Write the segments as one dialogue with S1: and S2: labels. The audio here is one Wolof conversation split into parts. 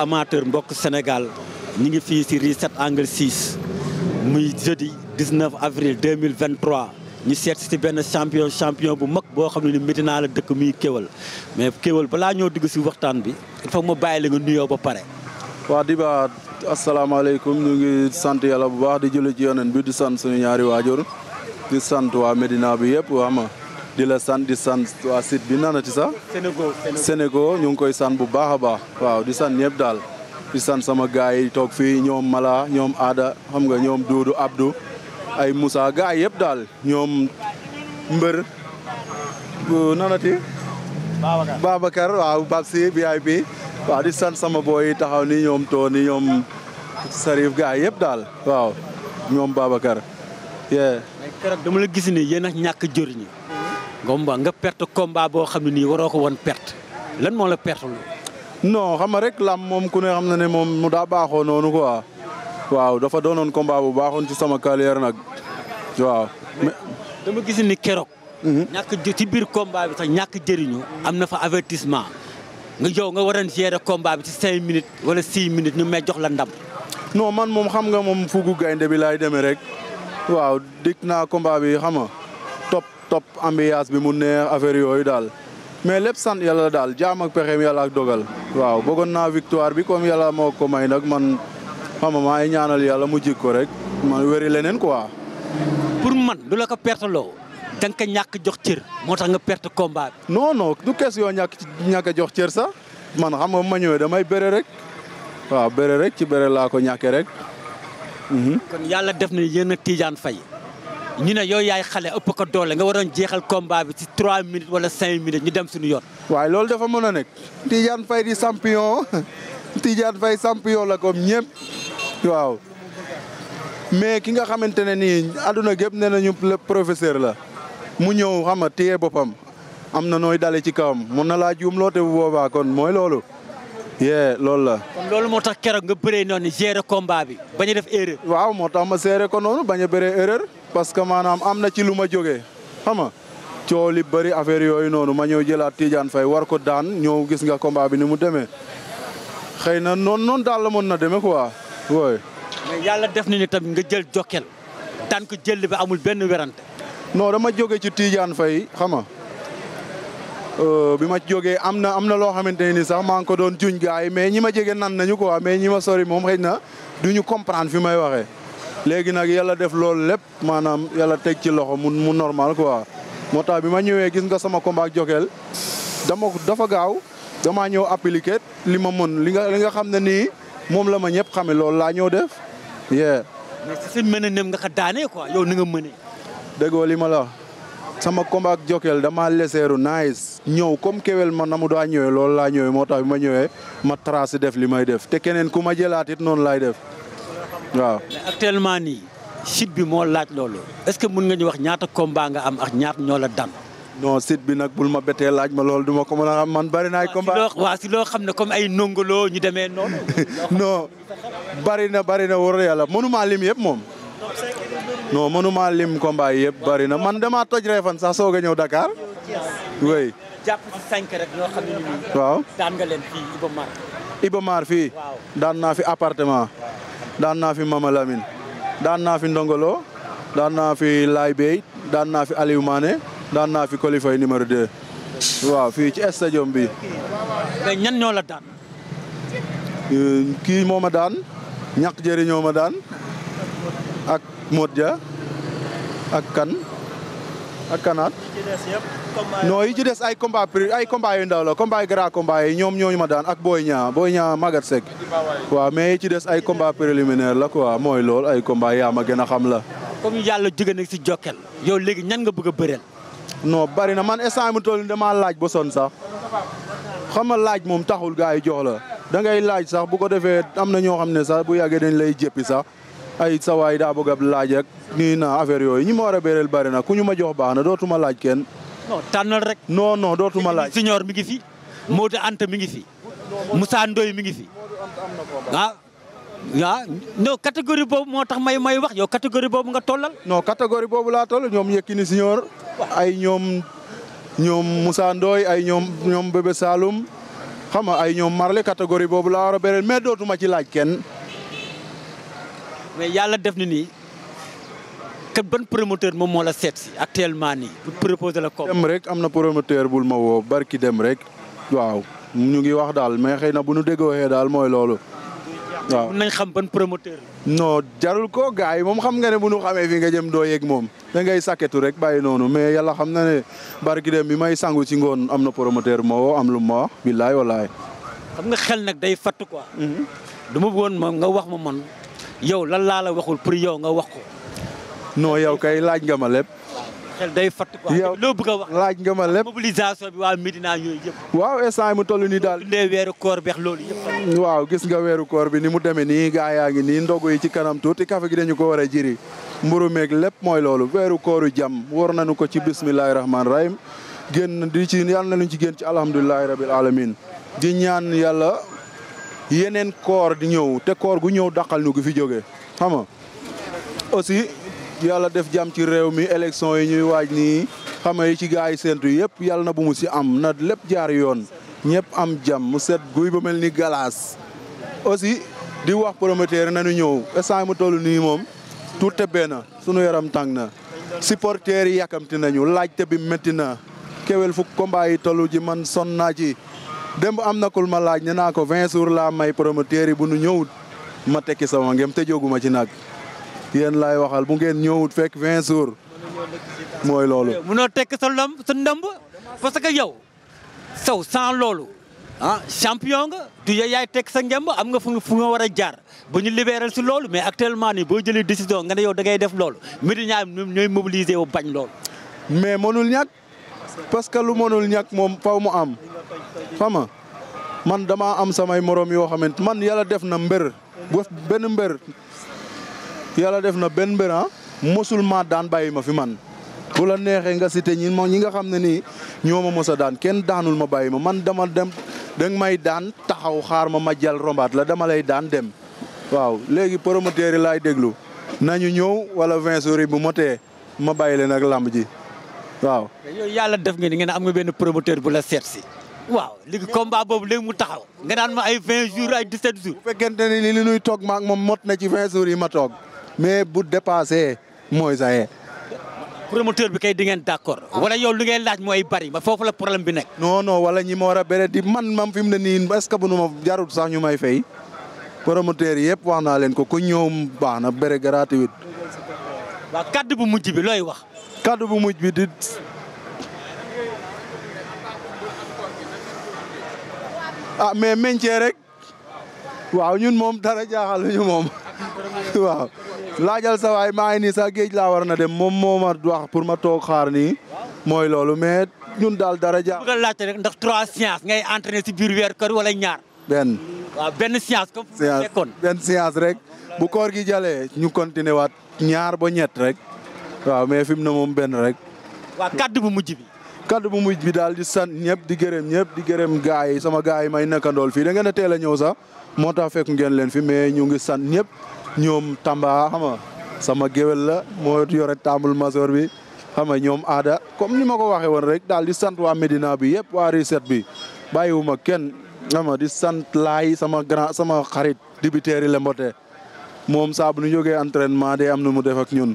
S1: amateur mbokk Sénégal ñi ngi fii ci rue 7 angle 6 muy jeudi 19 avril 2023 ñu seet ci benn champion champion bu mag boo xam ne ni Médina la dëkk muy Kéwel mais Kéwel balaa ñoo dugg ci waxtaan bi il
S2: faut ma bàyyi la nga nuyoo ba pare. waa Diba asalaamaaleykum ñu ngi sant yàlla bu baax di julli ci yonent bi di sant suñu ñaari waajur di sant waa Médina bi yëpp waa ma di la sant di sant waa site bi nanati sax Sénégo ñu ngi koy san bu baax a baax waaw di san ñëpp daal di sant sama gars yi toog fii ñoom Mala ñoom Aada xam nga ñoom Doudou Abdou ay Moussa gars yëpp daal ñoom mbër nanati Babacar waaw Babsi VIP waaw di san sama booy taxaw ni ñoom Tony ñoom Sarif gars yëpp daal waaw ñoom Babacar. mais
S1: keroog dama la gis ni yéen a ñàkk jëriñu ngomba nga perte combat boo xam ne nii waroo ko woon perte lan moo la perte lu
S2: non xam nga rek lam moom ku ne xam na ne moom mu daa baaxoo noonu quoi waaw dafa doonoon combat bu baaxoon ci sama carrière nag waaw. dama gis ni keroog.
S1: Mhm. ñàkk ci biir combat bi sax ñàkk jëriñu. am na fa avertissement. nga jow nga waroon gérer combat ci cinq
S2: minutes wala six minutes ñu may jox la ndam. non man moom xam nga moom fugu gaynde bi laay demee rek. waaw dikk naa combat bi xam nga top ambiance bi mu neex affaire yooyu daal mais lépp sant yàlla daal jaam ak pexeem yàlla ak dogal waaw bëggoon naa victoire bi kom yàlla moo ko may nag man xam nga ñaanal yàlla mu jik ko rek man wéri leneen quoi pour man du la ko perte loo da ñàkk jox cër moo tax nga perte combat bi non non du kees yoo ñàkk ñàkk a jox cër sax man xam nga damay bëre rek waaw bëre rek ci bëre laa ko ñàkkee rek mhm. kon yàlla def na yéen a Tidiane Faye ñu ne yooyu yaay xale ëpp ko doole nga waroon jeexal combat bi ci 3 minutes wala
S1: 5 minutes ñu dem suñu yoon.
S2: waaye loolu dafa mën a nekk. Tidiane Faye di champion Tidiane Faye champion la comme ñëpp waaw mais ki nga xamante ne nii àdduna gépp nee nañu le professeur la mu ñëw xam nga téye boppam am na nooy dale ci kawam mun na laa juum loote bu boobaa kon mooy loolu. yee loolu la. kon loolu moo tax keroog nga bëree noonu gérer combat bi bañ def erreur. waaw moo tax ma gérer ko noonu bañ a bëree erreur. parce que maanaam am na ci lu ma jógee xam nga coow li bëri affaire yooyu noonu ma ñëw jëlaat Tidiane Faye war ko daan ñëw gis nga combat bi ni mu demee xëy na noon noonu daal la mën na demee quoi wooy mais yàlla def nañu ni tamit nga jël Jokkel daan ko jël bi amul benn werante non dama jóge ci Tidiane Faye xama nga euh, bi ma jógee am na am na loo xamante ni sax maa ngi ko doon juñ gaay yi mais ñi ma jege nan nañu ko quoi mais ñi ma sori moom xëy na duñu comprendre fi may waxee léegi nag yàlla def loolu lépp maanaam yàlla teg ci loxo mu mu normal quoi moo tax bi ma ñëwee gis nga sama combat ak Jokal dama dafa gaaw damaa ñëw appliqué li ma mën li nga li nga xam ne nii moom la ma ñëpp xame loolu laa ñëw def. yeah. mais
S1: si seen mëneem
S2: nga ko ni nga mënee. déggoo li ma la sama combat ak Jokal damaa leseeru nice ñëw comme kewel ma na mu daa ñëwee loolu laa ñëwee moo tax bi ma ñëwee ma tracé def li may def te keneen ku ma jëlaat it noonu laay def. waaw
S1: actuellement nii site bi moo laaj loolu est-ce que mën nga ñu wax ñaata combat am ak ñaata ñoo la
S2: daan. non site bi nag bul ma bettee laaj ma loolu du ma ko mën a man bari na ay combat
S1: waaw si loo xam ne comme ay nongolo ñu demee
S2: noon non bari na bari na war yàlla mënuma lim yëpp moom. no mënuma lim combat yëpp bari na man damaa toj reefan sax soog a ñëw Dakar.
S1: cinq rek ñoo waaw daan nga leen fii
S2: Ibomar. daan naa fi appartement. daan naa fi Mama Lamine daan naa fi Ndongolo daan naa fi Laye Bey daan fi Aliou Mané daan naa fi kolifay numéro 2 waaw fii ci stadium bi. mais ñan ñoo la daan. Euh, kii moo daan ñàkk jëriñoo daan ak Modja ak kan ak kanaat. non yi ci des ay combat pri ay combat yu ndaw la combat yu grand combat yi ñoom ñooñu ma daan ak Boy Niang Boy Niang Magat Seck waaw mais ci des ay combat préliminaire la quoi mooy loolu ay combat yaa ma gën a xam la comme yàlla jóge nag si Jokal yow léegi ñan nga bëgg a bëreel non bari na man instant mu toll damaa laaj ba son sax xam laaj moom taxul gars yi jox la da ngay laaj sax bu ko defee am na ñoo xam ne sax bu yàggee dañ lay jëppi sax ay sawaay daa bëgg a laaj ak nii na affaire yooyu ñi ma war a bëreel bari na ku ñu ma jox baax na dootuma laaj kenn
S1: non tànnal rek.
S2: non non dootuma laaj. signor mi
S1: ngi fi Modou Anta mi ngi fi Moussa Ndoye mi ngi fi ah. waaw ah, non catégorie boobu moo tax
S2: may may wax yow catégorie boobu nga tollal. non catégorie boobu laa toll ñoom Yékini Signor ay ñoom ñoom Moussa ay ñoom ñoom Bébé xam nga ay ñoom Marley catégorie boobu laa war a bereel mais dootuma ci laaj kenn. mais yàlla def na nii.
S1: que ban promoteur moom moo la seet si actuellement nii pour proposer
S2: la combat. rek am na promoteur bul ma woo barki dem rek waaw ñu ngi wax daal mais xëy na bu ñu déggoo xee daal mooy loolu. waaw nañ xam ban promoteur no jarul ko gars yi moom xam nga ne bu ñu xamee fi nga jëm doo yegg moom da ngay sakketu rek bàyyi noonu mais yàlla xam na ne barki dem bi may sangu ci ngoon am na promoteur moo am lu ma wax billaay walaay.
S1: xam nga xel nag day fatt quoi. Mhm. du ma bëggoon ma nga wax ma man yow lan laa la waxul
S2: pour yow nga wax ko. non yow kay laaj nga ma lépp.
S1: xel day fatt quoi
S2: wax.
S1: laaj nga ma lépp mobilisation bi waa Medina yooyu yëpp. waaw instant yi mu toll ni daal. dundee koor
S2: beex loolu waaw gis nga weeru koor bi ni mu demee nii gaa yaa ngi nii ndogu yi ci kanam tuuti kafe gi dañu ko war a jiri. mburu meeg lépp mooy loolu weeru kooru jàmm war nañu ko ci bismillahi rahmaani rahim. génn di ci yàlla na luñ ci génn ci alhamdulilahi rabil alamin di ñaan yàlla yeneen koor di ñëw te koor gu ñëw dàqal ñu gu fi jógee xam aussi. yàlla def jàmm ci réew mi élection yi ñuy waaj nii xam yi ci gaa yi séntu yëpp yàlla na bu mu si am na lépp jaar yoon ñëpp am jàmm mu set guy ba mel ni galaas aussi di wax promoteur nañu ñëw instant mu toll nii moom tout tëbbee na sunu yaram tàng na supporters yàkkamti nañu laaj laajte bi métti na kewel fu combat yi toll ji man son naa ci démb am na kul ma laaj ne naa ko vingt jours laa may promoteur yi bu nu ñëw ma tekki sama ngem te jóguma ci nag yéen laay waxal bu ngeen ñëwut fekk 20 jours mooy loolu. mënoo tekk sa
S1: ndam sa ndëmb parce que yow saw sans loolu ah champion nga du yaay tekk sa ngemb am nga fu nga war a jaar ba ñu libereel si loolu mais actuellement nii boo jëlee décision nga ne yow da ngay def loolu Médina ñooy mobiliser wu bañ loolu.
S2: mais mënul ñàkk parce que lu mënul ñàkk moom faw mu am xam nga man damaa am samay moroom yoo xamante man yàlla def na mbër bu benn mbër. yàlla def na benn mbir ah, mosul maa daan bàyyi ma fi man bu la neexee nga site ñi ma ñi nga xam ne nii ñoo ma mos daan kenn daanul ma bàyyi ma man dama dem danga may daan taxaw xaar ma ma jàll rombaat la dama lay daan dem. waaw léegi promoteur yi laay déglu nañu ñëw wala vingt jours bu motee ma bàyyi leen ak làmb ji waaw.
S1: yooyu yàlla def nga ni ngeen am nga benn promoteur bu la seet si. waaw léegi combat boobu léegi mu taxaw. nga
S2: daan ma ay vingt jours ay dix-sept jours. bu ni toog ma moom mot na ci vingt yi ma toog. mais bu dépassé mooy saye
S1: promoteur bi kay di ngeen d'accord ah. wala yow li ngay laaj mooy bari ba foofu la problème bi nekk.
S2: non wala ñi ma war a bere di man mam fi mu ne niin est que bu nu ma jarut sax ñu may fay promoteur yëpp wax naa leen ko ku ñëw baax na bere gratuit. waaw kaddu bu mujj bi looy wax. kaddu bu mujj bi di. ah mais meñcee rek waaw ñun moom dara jaaxal ñu moom waaw. laajal sa waay maa ngi nii sax géej laa war na dem moom moo ma wax pour ma toog xaar nii mooy loolu mais ñun daal dara jaar.
S1: bëgg rek ndax trois séances ngay entraîné si biir weer kër wala ñaar. benn. waaw benn séance comme
S2: fu benn séance rek bu koor gi jàllee ñu continué waat ñaar ba ñett rek waaw mais fi mu ne moom benn rek. waaw kaddu bu mujj bi. kaddu bu mujj bi daal di san ñëpp di gërëm ñëpp di gërëm gars yi sama gars yi may nekkandool fii da ngeen a teel a ñëw sax moo tax feku ngeen leen fi mais ñu ngi sant ñëpp. ñoom Tamba xama sama géwél la moo yore taamul masoor bi xam nga ñoom aada comme ni ma ko waxee woon rek daal di sant waa Médina bi yëpp waa Risset bi bàyyiwuma kenn xam di sant laay sama grand sama xarit dibiteeri Lemboté moom saa bu ñu entrainement entraînement am na mu def ñun.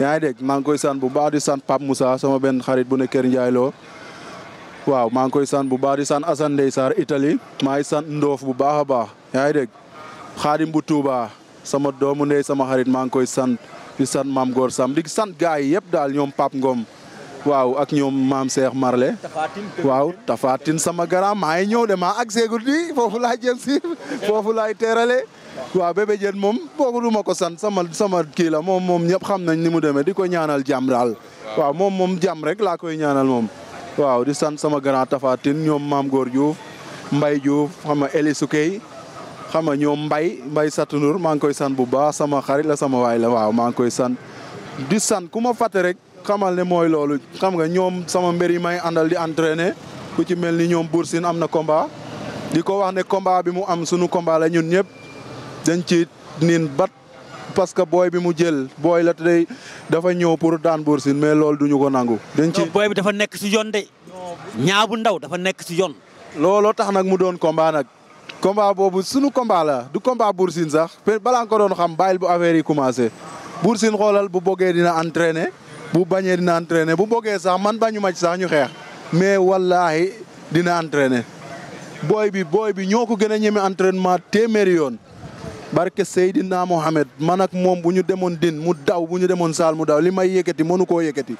S2: yaa ngi dégg maa ngi koy sant bu baax di sant Pape Moussa sama benn xarit bu ne Kër Ndiaye waaw maa ngi koy sant bu baax di sant Assane sar itali Italie sant Ndoof bu baax a baax yaa ngi dégg xaadim sama doomu ndey sama xarit maa ngi koy sant di sant maam Góor Sam di sant gars yi yëpp daal ñoom Pape Ngom waaw ak ñoom maam Cheikh Marle waaw Tafatin sama garam maa ngi ñëw de maa ak seegul di foofu laay jëm si foofu laay teerale waaw bébé jën moom boobu du ma ko sant sama sama kii la moom moom ñëpp xam nañ ni mu demee di ko ñaanal jàmm daal waaw moom moom jàmm rek laa koy ñaanal moom waaw di sant sama grand Tafatin ñoom maam Góor Diouf Mbaye Diouf xam nga Eli xam nga ñoom mbay mbay satunur maa ngi koy san bu baax sama xarit la sama waay la waaw maa ngi koy san di san ku ma fàtte rek xamal ne mooy loolu xam nga ñoom sama mbër yi may àndal di entraîner ku ci mel ni ñoom Boursine am na combat di ko wax ne combat bi mu am sunu combat la ñun ñëpp dañ ci nin bat parce que booy bi mu jël booy la tey dafa ñëw pour daan Boursine mais loolu duñu ko nangu. dañ ci booy bi
S1: dafa nekk si yoon de bu ndaw dafa nekk si yoon.
S2: looloo tax nag. combat boobu sunu combat la du combat Bour Sine sax balaa nga ko doon xam bàyyil bu affaire yi commencé Bour Sine xoolal bu boggee dina entraîner bu bañee dina entraîner bu boggee sax man bañu ma sax ñu xeex mais wallaahi dina entraîner booy bi booy bi ñoo ko gën a ñeme entraînement téeméeri yoon. barke Seydina Mohamed man ak moom bu ñu demoon din mu daw bu ñu demoon saal mu daw li may yëkkati mënu koo yëkkati.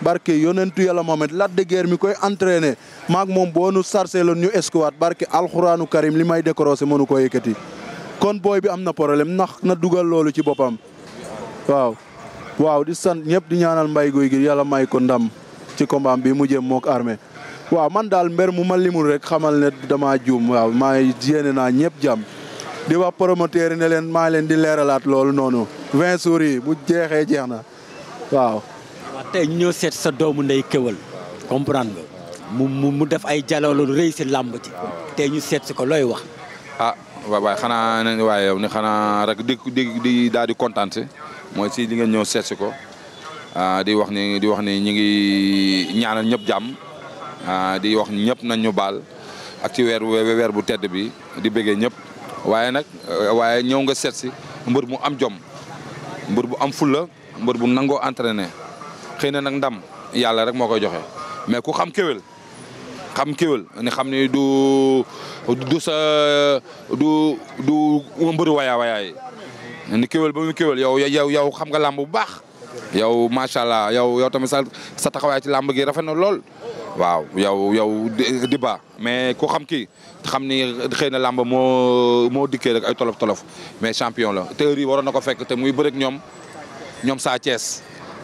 S2: barke yonentu yàlla Mohamed Lac de Guiers mi koy entraîné maak moom boo nu sarse loon ñu escouade barke alxuraanu karim li may décorosé mënu koo yëkkati kon booy bi am na problème ndax na dugal loolu ci boppam waaw waaw di sant ñëpp di ñaanal mbay guy gi yàlla may ko ndam ci combat bi mu jëm mook armée waaw man daal mber mu ma limul rek xamal ne dama juum waaw maa yéene naa ñëpp jàmm di wax promoteur ne leen maa leen di leeralaat loolu noonu vingt jours bu jeexee jeex na waaw
S1: tey ñu ñëw seet sa doomu ndey Kéweul comprend nga mu def ay jaloolu rëy si làmb ci tey ñu seet si ko looy
S3: wax. ah waaw waaye xanaa nañ waaye yow ni xanaa rek di di di daal di kontaan si mooy si li ngeen ñëw seet si ko ah, di wax ni di wax ni ñu ngi ñaanal ñëpp jàmm ah, di wax ñëpp nañu baal ak ci weer weer bu tedd bi di bëggee ñëpp waaye nag waaye ñëw nga seet si mbër mu am jom mbër bu am fulla mbur bu nangoo entraîné. xëy na nag ndam yàlla rek moo koy joxe mais ku xam kéwél xam kéwél ni xam ni du du sa du du mbëru wayaa wayaa yi ni kéwél ba muy kéwél yow yow yow xam nga làmb bu baax yow macha allah yow yow tamit sa sa taxawaay ci làmb gi rafet na lool waaw yow yow di ba mais ku xam ki xam ni xëy na làmb moo moo dikkee rek ay tolof tolof mais champion la te heure yi waroon na ko fekk te muy bëreeg ñoom ñoom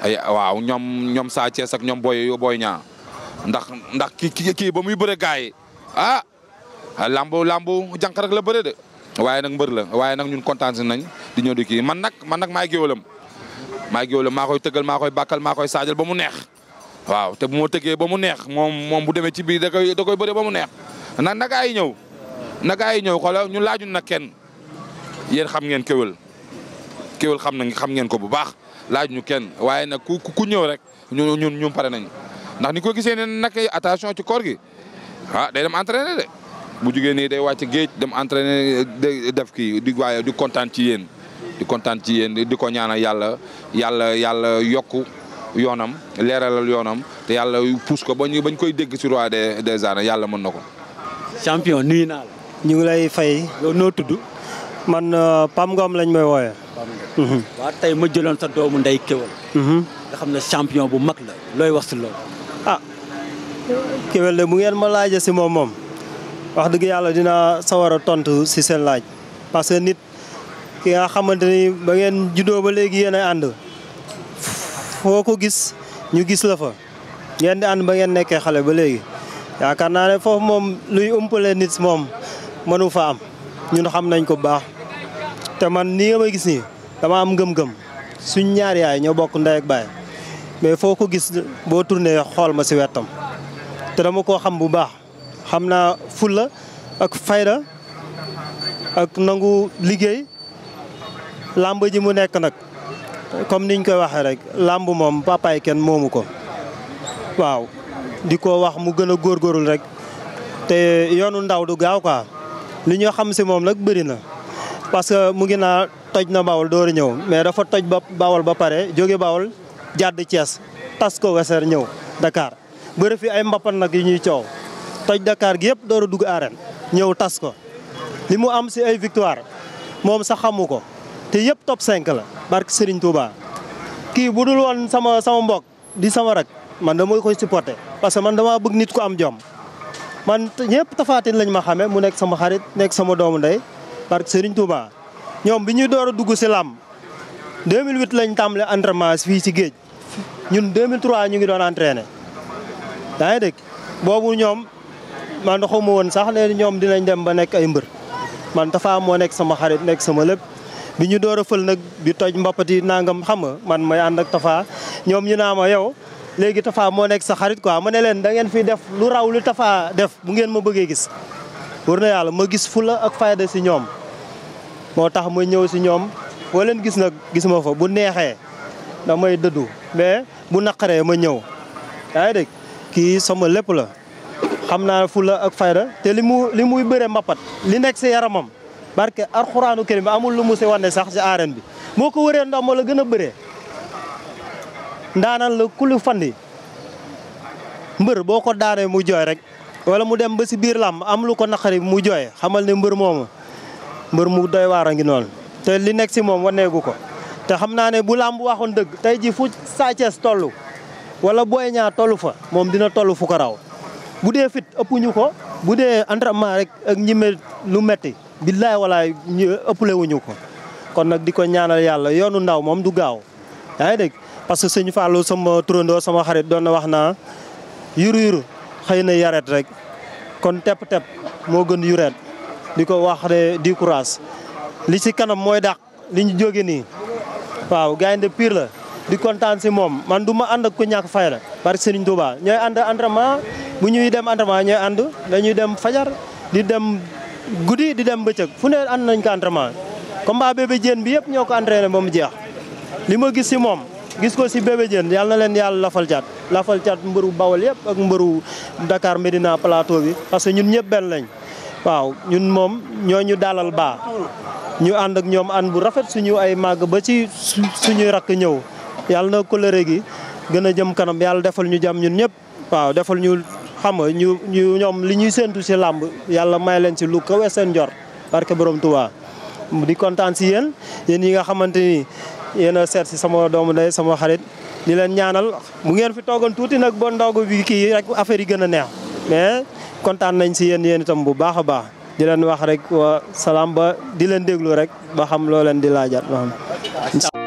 S3: ay waaw ñoom ñoom Sa Thiès ak ñoom Boy Boy ndax ndax ki ki kii ba muy bëre gars yi ah lambu lambu jànq rek la bëre de. waaye nag mbër la waaye nag ñun kontaan nañ di ñëw di kii man nag man nag maay géwalam maay géwalam maa koy tëggal maa koy bàkkal maa koy saajal ba mu neex. waaw te bu ma tëggee ba mu neex moom moom bu demee ci biir da koy da koy bëre ba mu neex na na yi ñëw na yi ñëw xoolal ñun laajun nag kenn yéen xam ngeen kéwél kéwél xam na xam ngeen ko bu baax. laaj ñu kenn waaye nag ku ku ñëw rek ñun ñun ñu pare nañ ndax ni ko gisee ne nag attention ci koor gi ah day dem entraîner de bu jugee nii day wàcc géej dem entraîner def kii di waaye di kontaan ci yéen kontaan ci yéen di ko ñaana yàlla yàlla yàlla yokku yoonam leeralal yoonam te yàlla pousse ko ba ñu bañ koy dégg si roi des des arènes yàlla mën na ko. naa la.
S4: ñu ngi fay. yow tudd. man euh, Pam Ngom lañ may wooyee. Mhm.
S3: waaw
S1: tey ma jëloon sa doomu ndey Kewel. Mhm. nga xam ne champion bu mag la looy wax si loolu.
S4: ah Kewel de bu ngeen ma laaja si moom moom wax dëgg yàlla dina sawar a tontu si seen laaj parce que nit ki nga xamante ni ba ngeen juddoo ba léegi yéen a ànd ko gis ñu gis la fa ngeen di ànd ba ngeen nekkee xale ba léegi yaakaar naa ne foofu moom luy umpale nit moom mënu fa am ñun xam nañ ko baax. te man nii nga may gis nii dama am ngëm-ngëm suñ ñaar yaay ñoo bokk ndey ak baay mais foo ko gis boo tourné xool ma si wetam te dama koo xam bu baax xam naa fulla ak fayda ak nangu liggéey làmb ji mu nekk nag comme niñ koy waxee rek làmb moom papaay kenn moomu ko waaw di ko wax mu gën a góorgóorul rek te yoonu ndaw du gaaw quoi li ñoo xam si moom nag bëri na parce que mu ngi naa toj na Bawol door a ñëw mais dafa toj ba Bawol ba pare jóge Bawol jàdd Thiès tas ko Weser ñëw Dakar bëri fi ay mbappat nag yu ñuy coow toj Dakar gi yëpp door a dugg arène ñëw tas ko li mu am si ay victoire moom sax xamu ko te yëpp top 5 la barke Serigne Touba kii bu dul woon sama sama mbokk di sama rek man dama koy supporter parce que man damaa bëgg nit ku am jom man ñëpp tafaatin lañ ma xamee mu nekk sama xarit nekk sama doomu ndey barke Serigne Touba ñoom bi ñuy door a dugg si làmb 2008 lañ tàmbale entraînement fii si géej ñun 2003 ñu ngi doon entraîné yaa ngi dégg boobu ñoom man xawma woon sax ne ñoom dinañ dem ba nekk ay mbër man Tapha moo nekk sama xarit nekk sama lépp bi ñu door a fël nag bi toj mbappati nangam xam nga man may ànd ak Tapha ñoom ñu naa ma yow léegi Tapha moo nekk sa xarit quoi ma ne leen da ngeen fi def lu raw lu Tapha def bu ngeen ma bëggee gis wër na yàlla ma gis fula ak fayda si ñoom moo tax ma ñëw si ñoom boo leen gis nag gis ma fa bu neexee may dëddu mais bu naqaree ma ñëw yaa ngi kii sama lépp la xam naa fula ak fayda te li mu li muy bëre mbapat li nekk si yaramam barke alxuraanu karim bi amul lu mu si wane sax si arène bi moo ko wëree ndox la gën a bëree ndaanaan la kulu fandi mbër boo ko daanee mu jooy rek wala mu dem ba si biir làmb am lu ko naqari mu jooy xamal ne mbër moomu mbër mu doy waar a ngi noonu te li nekk si moom waneegu ko te xam naa ne bu làmb waxoon dëgg tey ji fu Sa tollu toll wala Boy Niang toll fa moom dina toll fu ko raw bu dee fit ëpp ñu ko bu dee entraînement rek ak ñime lu metti billaay walaay ñu ëpple wuñu ko kon nag di ko ñaanal yàlla yoonu ndaw moom du gaaw yaa ngi dégg parce que sëñ Fallou sama turandoo sama xarit doon na wax naa yuru yuru xëy na yareet rek kon tepp-tepp moo gën yureet di ko wax ne di courage li ci kanam mooy dàq li ñu jóge nii waaw gaynde pire la di kontaan si moom man du ma ànd ak ku ñàkk fay la parce que Serigne Touba ñooy ànd entraînement bu ñuy dem entraînement ñooy ànd dañuy dem fajar di dem guddi di dem bëccëg fu ne ànd nañ ko entraînement combat bébé jéen bi yëpp ñoo ko entraîné ba mu jeex li ma gis si moom gis ko si Bébé Diène yal na leen yàlla lafal cat lafal cat mbëru Bawol yëpp ak mbëru Dakar Médina palato bi parce que ñun ñëpp benn lañ waaw ñun moom ñoo ñu dalal baa ñu ànd ak ñoom ànd bu rafet suñu ay màgg ba ci suñuy rakk ñëw yàlla na coloré gi gën a jëm kanam yàlla defal ñu jàmm ñun ñëpp waaw defal ñu xam nga ñu ñu ñoom li ñuy séentu si làmb yàlla may leen ci lu kawe seen jor barke borom Tuubaa di kontaan si yéen yéen yi nga xamante yéen a seet si sama doomu ndey sama xarit di leen ñaanal mu ngeen fi toogoon tuuti nag ba ndogu bi kii rek affaire yi gën a neex mais kontaan nañ si yéen yéen itam bu baax a baax di leen wax rek wa salaam ba di leen déglu rek ba xam loo leen di laajaat ba